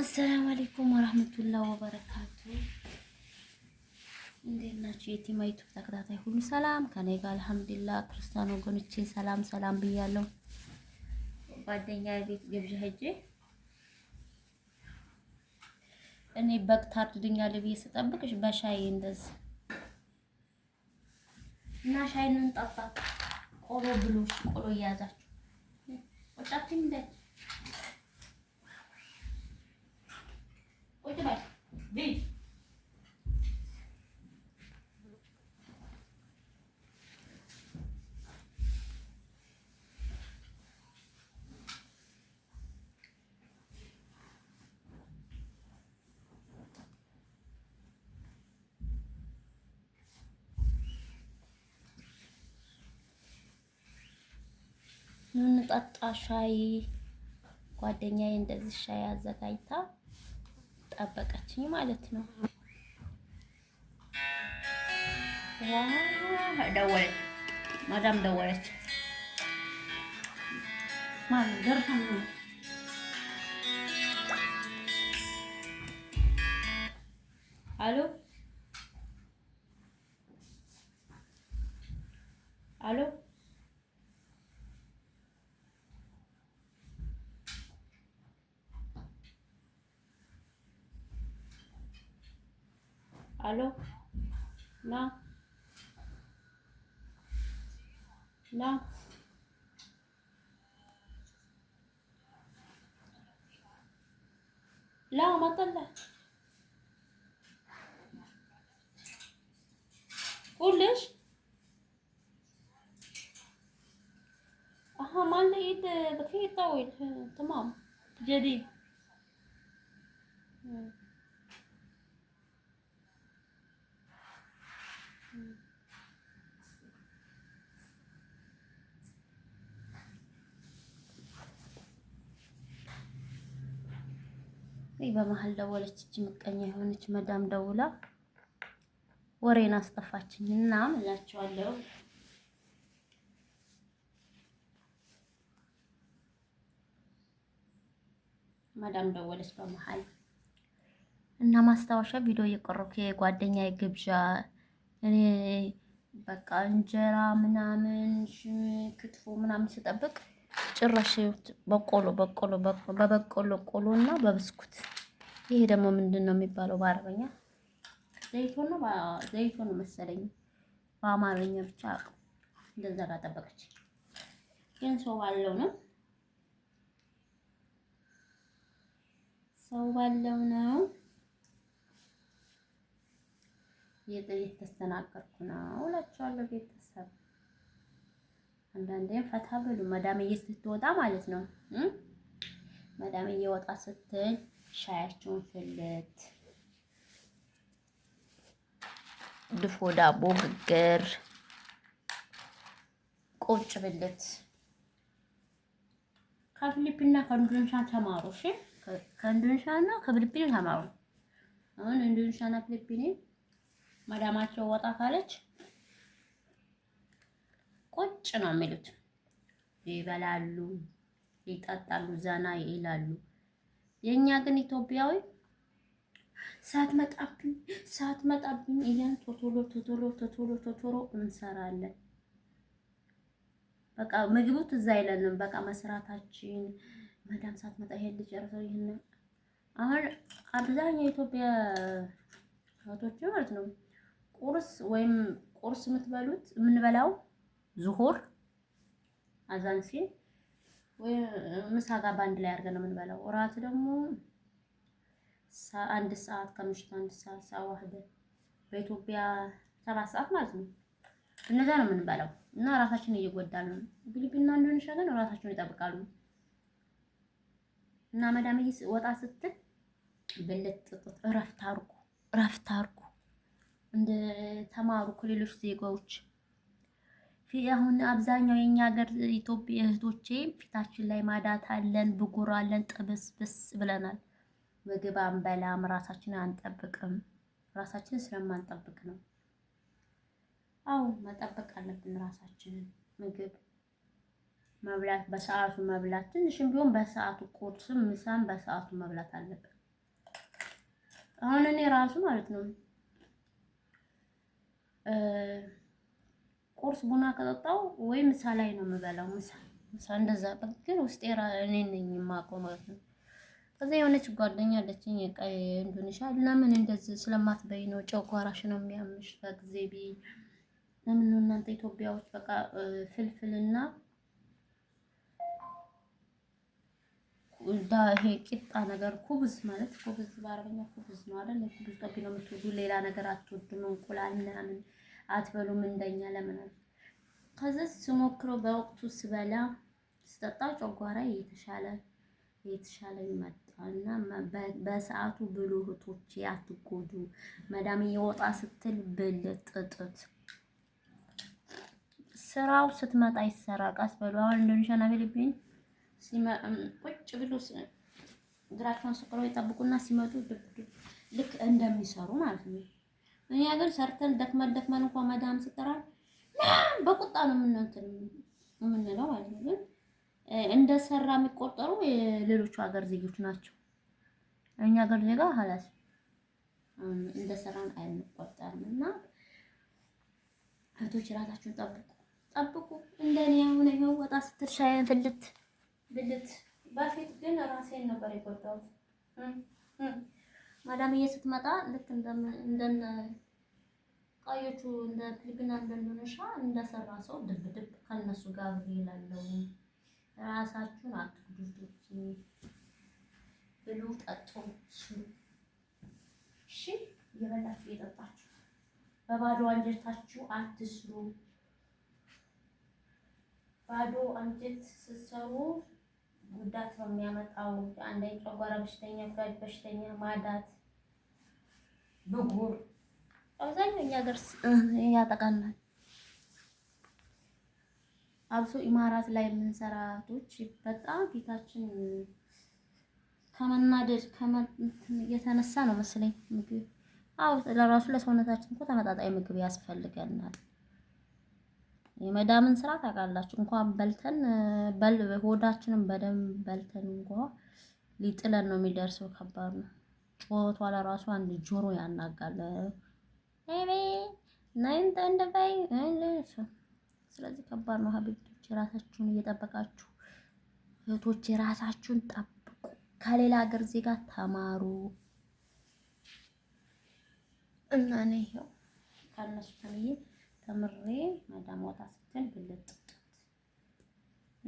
አሰላሙ አለይኩም ወራህመቱላሂ ወበረካቱ። እንዴት ናችሁ? የቲማ ዩቲዩብ ተከታታይ ሁሉ ሰላም ከኔ ጋር አልሐምዱሊላህ። ክርስቲያን ወገኖቼ ሰላም ሰላም ብያለሁ። ጓደኛ ቤት ግብዣ ሄጄ እኔ በግ ታርዱኛል ብዬ ስጠብቅሽ በሻይ እንደዚህ እና ሻይንን ጠጣ ቆሎ ብሎሽ ቆሎ እያዛችሁ ወጣችሁ እንዴ ওইটা বাস ሻይ ጓደኛዬ እንደዚህ ሻይ አዘጋጅታ ጠበቀችኝ ማለት ነው። ደወለች፣ ማዳም ደወለች። አሎ አሎ الو لا لا لا ما طلعت قول ليش اها مالنا لقيت ذكي طويل تمام جديد ወይ በመሀል ደወለች። እጅ ምቀኛ የሆነች መዳም ደውላ ወሬን አስጠፋችኝ እና እላቸዋለሁ። መዳም ደወለች በመሀል እና ማስታወሻ ቪዲዮ እየቀረኩ የጓደኛ የግብዣ እኔ በቃ እንጀራ ምናምን ክትፎ ምናምን ስጠብቅ ጭራሽ በቆሎ በቆሎ በበቆሎ ቆሎ እና በብስኩት። ይሄ ደግሞ ምንድን ነው የሚባለው በአረበኛ? ዘይቱን ነው ዘይቱን መሰለኝ፣ በአማርኛ ብቻ እንደዛ ጋር ጠበቀች። ግን ሰው ባለው ነው ሰው ባለው ነው ተስተናገርኩ ነው እላቸዋለሁ ቤተሰብ አንዳንዴ ፈታ ብሉ መዳምዬ ስትወጣ ማለት ነው። መዳምዬ ወጣ ስትል ሻያችሁን ፍልት፣ ድፎ ዳቦ ግግር፣ ቁጭ ብልት። ከፊሊፒንና ከኢንዶኔሻ ተማሩ። እሺ፣ ከኢንዶኔሻና ከፊሊፒን ተማሩ። አሁን ኢንዶኔሻና ፊሊፒን መዳማቸው ወጣ ካለች ቁጭ ነው የሚሉት። ይበላሉ፣ ይጠጣሉ፣ ዘና ይላሉ። የእኛ ግን ኢትዮጵያዊ ሳትመጣብኝ ሳትመጣብኝ እያን ቶቶሎ ቶቶሎ ቶቶሎ ቶቶሎ እንሰራለን። በቃ ምግቡ ትዝ አይለንም። በቃ መስራታችን መዳም ሳትመጣ ይሄን ልጨርሰው ይሄን አሁን አብዛኛው ኢትዮጵያ እህቶች ማለት ነው ቁርስ ወይም ቁርስ የምትበሉት የምንበላው ዙሁር አዛን ሲል ወይ ምሳ ጋር በአንድ ላይ አድርገን ነው የምንበላው። እራት ደግሞ አንድ ሰዓት ከምሽቱ አንድ ሰዓት ሰዓት በኢትዮጵያ ሰባት ሰዓት ማለት ነው። እነዛ ነው የምንበላው እና እራሳችን እየጎዳን ነው። ፊሊፒና እንደሆነ ሸገን ራሳቸውን ይጠብቃሉ እና መዳምዬ ወጣ ስትል ብልጥ ጥጥ እረፍት አድርጉ፣ እረፍት እንደ ተማሩ ከሌሎች ዜጋዎች አሁን አብዛኛው የኛ ሀገር ኢትዮጵያ እህቶቼ ፊታችን ላይ ማዳት አለን፣ ብጉር አለን፣ ጥብስብስ ብለናል። ምግብ አንበላም፣ ራሳችንን አንጠብቅም። ራሳችንን ስለማንጠብቅ ነው። አው መጠበቅ አለብን ራሳችንን። ምግብ መብላት በሰዓቱ መብላት፣ ትንሽም ቢሆን በሰዓቱ ቁርስም፣ ምሳም በሰዓቱ መብላት አለብን። አሁን እኔ ራሱ ማለት ነው ቁርስ ቡና ከጠጣው ወይ ምሳ ላይ ነው የምበላው። ምሳ ምሳ እንደዛ በግል ውስጥ የራ እኔ ነኝ የማውቀው ማለት ነው። ከዛ የሆነች ጓደኛ አለችኝ የቀይ እንዱንሻ ለምን እንደዚህ ስለማትበይ ነው ጨጓራሽ ነው የሚያምሽ በጊዜ ቢ ለምን ነው እናንተ ኢትዮጵያዎች በቃ ፍልፍልና ዳ ይሄ ቂጣ ነገር ኩብዝ ማለት ኩብዝ በአረበኛ ኩብዝ ነው አይደል? ኩብዝ ጠቢ ነው የምትወዱ ሌላ ነገር አትወዱም። እንቁላል ምናምን አትበሉም እንደኛ ለምን አለ። ከዛ ስሞክረው በወቅቱ ስበላ ስጠጣ ጨጓራ የተሻለ የተሻለ ይመጣልና በሰዓቱ ብሉ እህቶቼ፣ አትጎዱ። መዳም እየወጣ ስትል ብል ጥጥት ስራው ስትመጣ ይሰራ ቃስ በሉ። አሁን እንደንሻና ፊሊፒን ቁጭ ብሎ ግራቸውን ስቅለው ይጠብቁና ሲመጡ ልክ እንደሚሰሩ ማለት ነው። እኛ ግን ሰርተን ደክመን ደክመን እንኳን መዳም ሲጠራል በቁጣ ነው የምንለው ማለት ነው። ግን እንደሰራ የሚቆጠሩ የሌሎቹ ሀገር ዜጎች ናቸው። እኛ ሀገር ዜጋ ሀላስ እንደሰራን ሰራን አይንቆጠርም። እና እህቶች ራሳችሁን ጠብቁ ጠብቁ። እንደኔ አሁን ይኸው ወጣ ስትል ሻይን ፍልት ብልት። በፊት ግን ራሴን ነበር የጎዳሁት። ማዳምዬ ስትመጣ ልክ እንደ ቃዮቹ እንደ ፊልግና እንደነሻ እንደሰራ ሰው ድብ ድብ ከነሱ ጋር ብሬ እላለሁ። ራሳችሁን አትጉዱት፣ ብሉ ጠጡ። እሺ እየበላችሁ እየጠጣችሁ በባዶ አንጀታችሁ አትስሩ። ባዶ አንጀት ስትሰሩ ጉዳት ነው የሚያመጣው። አንደኛ ጨጓራ በሽተኛ፣ ኩላሊት በሽተኛ ማዳት ብጉር አብዛኛው እኛ ሀገር ያጠቃናል። አብሶ ኢማራት ላይ የምንሰራቶች በጣም ፊታችን ከመናደድ የተነሳ ነው መስለኝ ምግብ አው ለራሱ ለሰውነታችን እኮ ተመጣጣኝ ምግብ ያስፈልገናል። የመዳምን ስራ ታውቃላችሁ። እንኳን በልተን በል ሆዳችንን በደንብ በልተን እንኳ ሊጥለን ነው የሚደርሰው። ከባድ ነው። ጩኸቷ ለራሱ አንድ ጆሮ ያናጋል። አይቤ ናይን ተንደባይ አይለሽ። ስለዚህ ከባድ ነው። ሀቢብቶች የራሳችሁን እየጠበቃችሁ እህቶች የራሳችሁን ጠብቁ። ከሌላ ሀገር ዜጋ ተማሩ እና እኔ ይኸው ከነሱ ተምዬ ተምሬ ማዳም ወጣ ስትል ብልጥ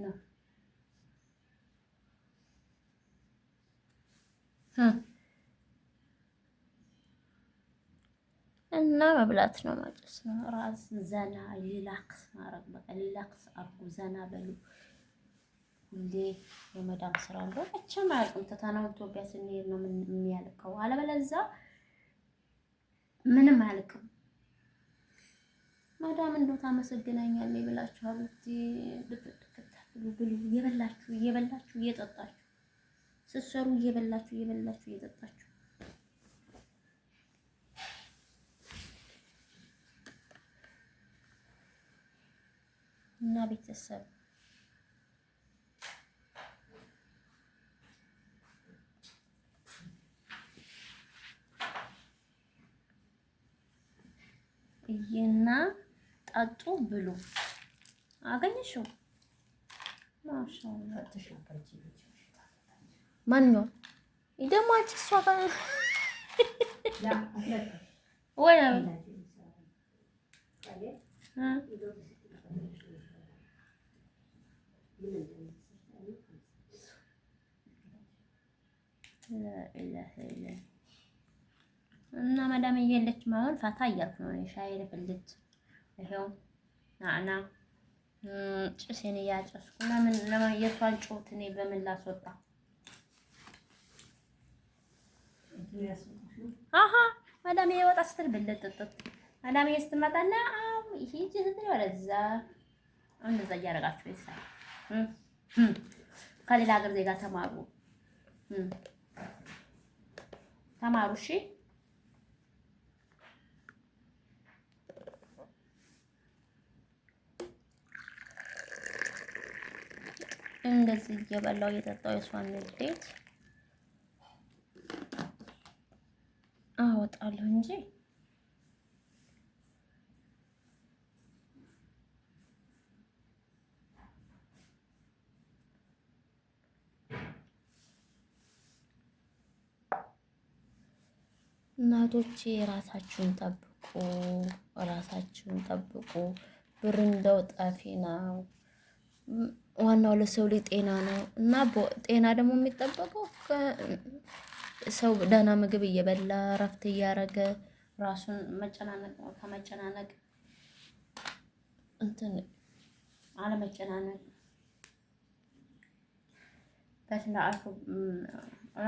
ነው እና መብላት ነው ማለት ነው። ራስ ዘና ሪላክስ ማድረግ በቃ ሪላክስ አርጉ፣ ዘና በሉ። ሁሌ የመዳም ስራ እንደ መቼም አያልቅም። ተታናው ኢትዮጵያ ስንሄድ ነው የሚያልቀው፣ አለበለዚያ ምንም አያልቅም። መዳም እንደው ታመሰግናኛለች ብላችኋል። ብሉ፣ እየበላችሁ እየበላችሁ እየጠጣችሁ ስትሰሩ እየበላችሁ እየበላችሁ እየጠጣችሁ እና ቤተሰብ እና ጠጡ ብሉ። አገኘሽው ማን ነው ደግሞ አንቺ እሷ ጋር እና ማዳም እየለች ማሆን ፈታ እያልኩ ነው ሻይ ልፍልት ይሄው ናና ጭሴን እያጨስኩ ለምን የእሷን ጩኸት እኔ በምን ላስወጣ? አሀ ስትል አው እንደዛ እያደረጋችሁ ይሳል። ከሌላ ሀገር ዜጋ ተማሩ። ተማሩ። እሺ እንደዚህ እየበላው እየጠጣው የሷን ንዴት አወጣለሁ እንጂ እናቶቼ ራሳችሁን ጠብቁ፣ ራሳችሁን ጠብቁ። ብር እንደው ጠፊ ነው። ዋናው ለሰው ልጅ ጤና ነው እና ጤና ደግሞ የሚጠበቀው ሰው ደህና ምግብ እየበላ እረፍት እያደረገ ራሱን መጨናነቅ ከመጨናነቅ እንትን አለመጨናነቅ በስነ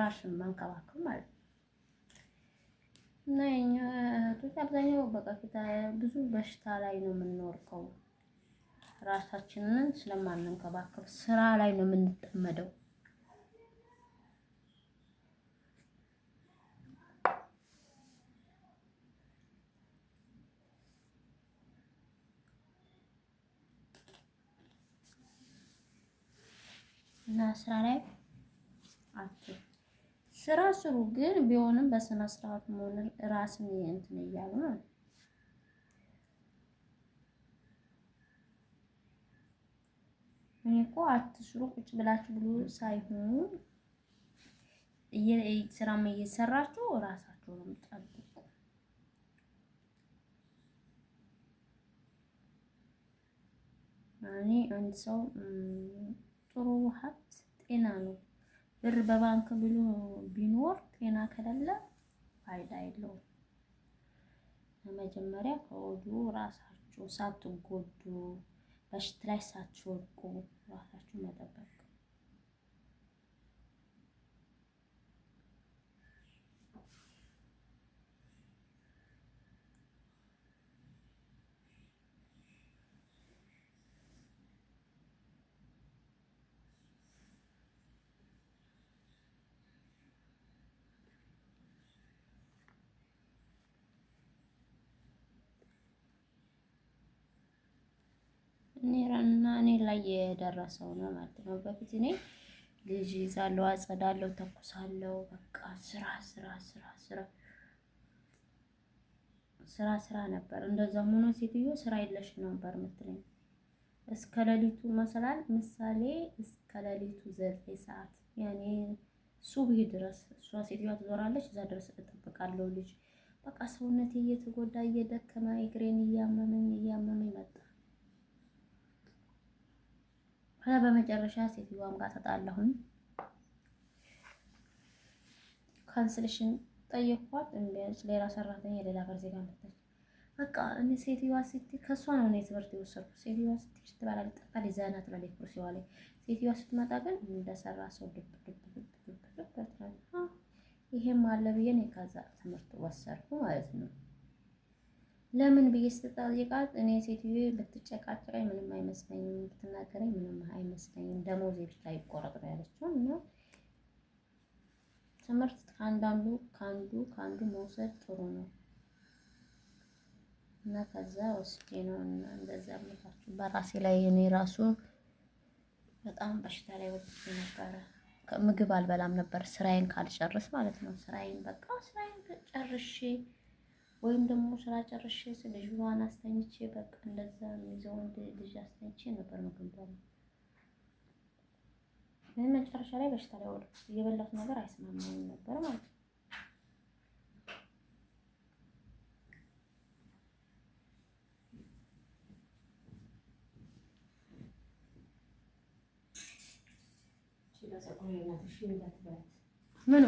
ራሱን መንከባከብ ማለት ነው። እና የኛ እህቶች አብዛኛው በቃ ብዙ በሽታ ላይ ነው የምንወርቀው። ራሳችንን ስለማንንከባከብ ስራ ላይ ነው የምንጠመደው። እና ስራ ላይ አትይ ስራ ግን ቢሆንም በስነ ስርዓት መሆን ራስን እንትን እያሉ ነው። እኔ እኮ አትስሩ ቁጭ ብላችሁ ብሎ ሳይሆን ስራም እየሰራችሁ ራሳችሁንም ጠብቁ። እኔ አንድ ሰው ጥሩ ሀብት ጤና ነው። ብር በባንክ ብሎ ቢኖር ጤና ከሌለ ፋይዳ የለውም። መጀመሪያ ከወዱ ራሳችሁ ሳትጎዱ በሽት ላይ ሳትወድቁ ራሳችሁ መጠበቅ የደረሰው ነው ማለት ነው። በፊት እኔ ልጅ ይዛለሁ፣ አጸዳለሁ፣ ተኩሳለሁ። በቃ ስራ ስራ ስራ ስራ ስራ ስራ ነበር። እንደዛ ሆኖ ሴትዮ ስራ የለሽ ነበር ምትለኝ እስከ ሌሊቱ መሰላል ምሳሌ እስከ ሌሊቱ ዘጠኝ ሰዓት ያኔ ሱብሂ ድረስ እሷ ሴትዮዋ ትዞራለች። እዛ ድረስ እጠብቃለሁ ልጅ በቃ ሰውነቴ እየተጎዳ እየደከመ እግሬን እያመመኝ እያመመኝ መጣ። ከዛ በመጨረሻ ሴትዮዋም ጋር ተጣላሁኝ። ካንስሌሽን ጠየኳት። እንዴት ሌላ ሰራተኛ የሌላ ፈርዜ ዜጋ መጣች። በቃ እ ሴትዮዋ ስትይ ከእሷ ነው እኔ ትምህርት የወሰድኩት። ሴትዮዋ ስትይ ስትበላ ልጠጣ ዲዛይን አትላለች ኩርሲዋ ላይ። ሴትዮዋ ስትመጣ ግን እንደሰራ ሰው ድብ ድብ ድብ ድብ ድብ ይሄም አለ ብዬ እኔ ከዛ ትምህርት ወሰድኩ ማለት ነው። ለምን ብዬ ስትጠይቃት እኔ ሴትዮ ብትጨቃጨቀኝ ምንም አይመስለኝም፣ ብትናገረኝ ምንም አይመስለኝም፣ ደሞዜ ብቻ ይቆረጥ ነው ያለችው። እና ትምህርት ከአንዳንዱ ከአንዱ ከአንዱ መውሰድ ጥሩ ነው እና ከዛ ወስጄ ነው እና እንደዛ ብላችሁ በራሴ ላይ እኔ ራሱ በጣም በሽታ ላይ ወጥቼ ነበረ። ምግብ አልበላም ነበር ስራዬን ካልጨርስ ማለት ነው። ስራዬን በቃ ስራዬን ጨርሼ ወይም ደግሞ ስራ ጨርሼ ልጅዋን አስተኝቼ በቃ እንደዛ የሚዘውን ልጅ አስተኝቼ ነበር ምግብ ምን መጨረሻ ላይ በሽታ ላይ ወደቅ የበላት ነገር አይስማማኝም ነበር ማለት ነው። ምኑ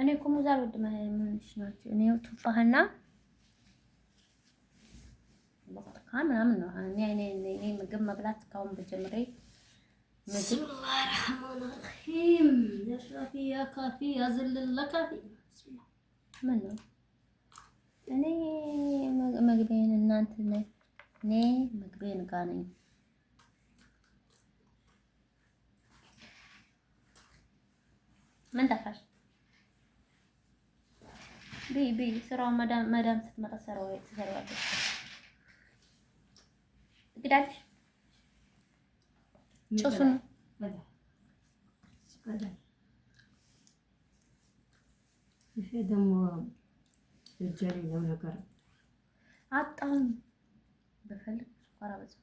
እኔ እኮ ሙዝ አልወድም። ምንሽ ናቸው? እኔ ቱፋህና ብርቱካን ምናምን ነው እኔ ምግብ መብላት እስካሁን በጀምሬ ምግብ ረህማን ረሂም ያሽራፊ ያካፊ ያዝልለካፊ ምን ነው እኔ ምግቤን እናንት እኔ ምግቤን ጋ ነኝ። ምን ተካሽ በይ በይ ስራውን መዳም ስትመጣ ትሰሪዋለሽ። ትግዳለሽ ጭሱን ይሄ ደግሞ እጄ ሌላው ነገር አጣሁኝ በፈልግ ስኳር አበዛሁ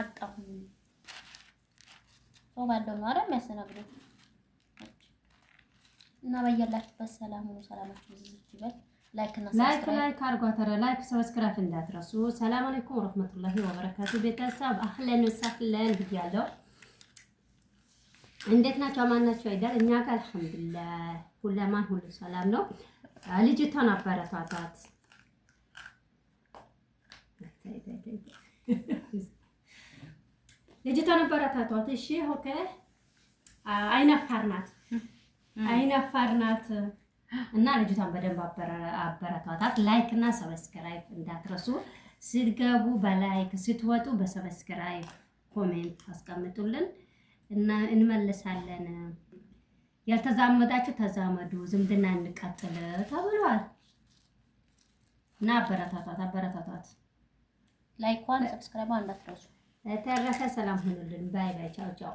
አጣሁኝ ሰው ባለው ነው የሚያስተናግደው። እና በያላችሁበት ሰላም ሁኑ። ሰላማችሁ ይብዛ ይበል። ላይክ እና ሰብስክራይብ ላይክ ላይክ አድርጓት። ኧረ ላይክ ሰብስክራይብ እንዳትረሱ። ሰላም አለይኩም ወራህመቱላሂ ወበረካቱ። ቤተሰብ አህለን ወሰህለን ብያለሁ። እንዴት ናቸው? አማን ናቸው አይደል? እኛ ጋር አልሐምዱሊላህ ሁሉ ሁሉ ሰላም ነው። ልጅቷን አበረታታት። ልጅቷን አበረታቷት። እሺ ኦኬ። አይናፋር ናት አይን አፋር እና ልጅቷን በደንብ አበረታታት። ላይክ እና ሰብስክራይብ እንዳትረሱ። ስትገቡ በላይክ ስትወጡ በሰብስክራይብ ኮሜንት አስቀምጡልን እና እንመልሳለን። ያልተዛመዳችሁ ተዛመዱ፣ ዝምድና እንቀጥል ተብሏል እና አበረታታት አበረታታት። ላይኳን ሰብስክራይብ እንዳትረሱ። ተረፈ ሰላም ሁኑልን። ባይ ባይ። ቻው ቻው።